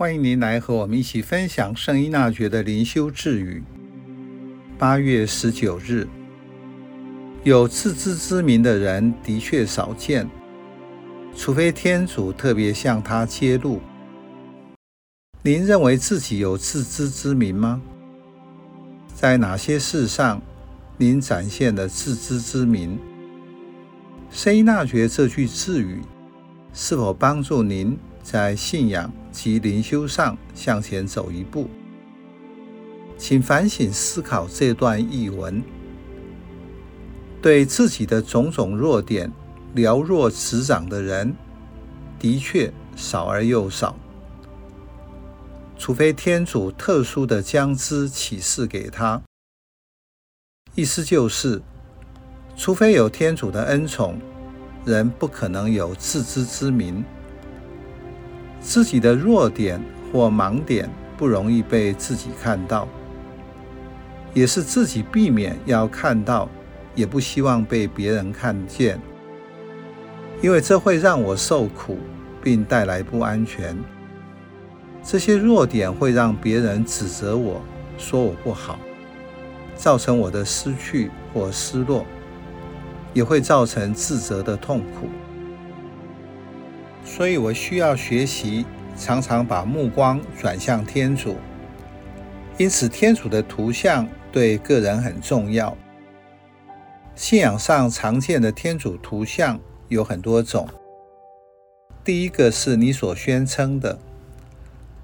歡迎您來和我們一起分享聖依納爵的靈修智語。八月十九日，有自知之明的人的確少見，除非天主特別向他揭露。您認為自己有自知之明嗎？在哪些事上，您展現了自知之明？聖依納爵這句智語是否幫助您，在信仰及靈修上向前走一步，請反省思考這段譯文。對自己的種種弱點瞭若指掌的人，的確少而又少。除非天主特殊的將之啟示給他，意思就是，除非有天主的恩寵，人不可能有自知之明。自己的弱點或盲點不容易被自己看到，也是自己避免要看到，也不希望被別人看見，因為這會讓我受苦，並帶來不安全。這些弱點會讓別人指責我，說我不好，造成我的失去或失落，也會造成自責的痛苦。所以我需要學習，常常把目光轉向天主。因此，天主的圖像對個人很重要。信仰上常見的天主圖像有很多種。第一個是你所宣稱的，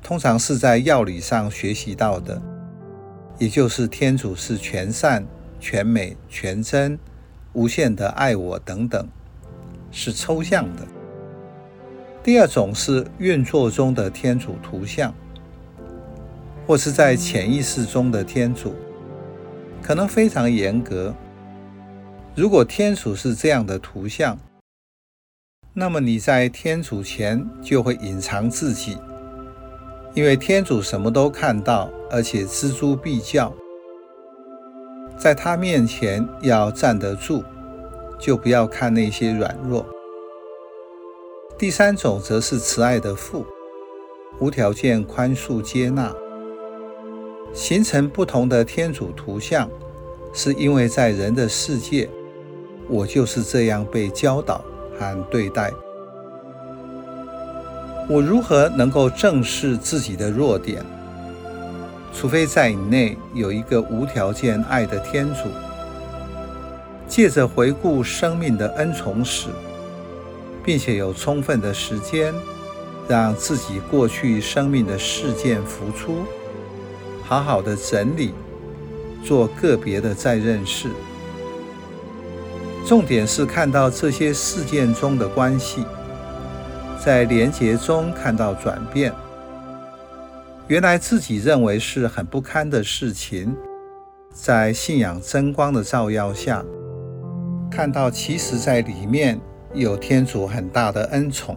通常是在要理上學習到的，也就是天主是全善、全美、全真、無限的愛我等等，是抽象的。第二種是運作中的天主圖像，或是在潛意識中的天主，可能非常嚴格。如果天主是這樣的圖像，那麼你在天主前就會隱藏自己，因為天主什麼都看到，而且錙銖必較，在他面前要站得住，就不要看那些軟弱。第三種則是慈愛的父，無條件寬恕、接納。形成不同的天主圖像，是因為在人的世界，我就是這樣被教導和對待。我如何能夠正視自己的弱點？除非在你內有一個無條件愛的天主，借着回顧生命的恩寵史。並且有充分的時間，讓自己過去生命的事件浮出，好好的整理，做個別的再認識。重點是看到這些事件中的關係，在連結中看到轉變。原來自己認為是很不堪的事情，在信仰真光的照耀下，看到其實在裡面。有天主很大的恩寵。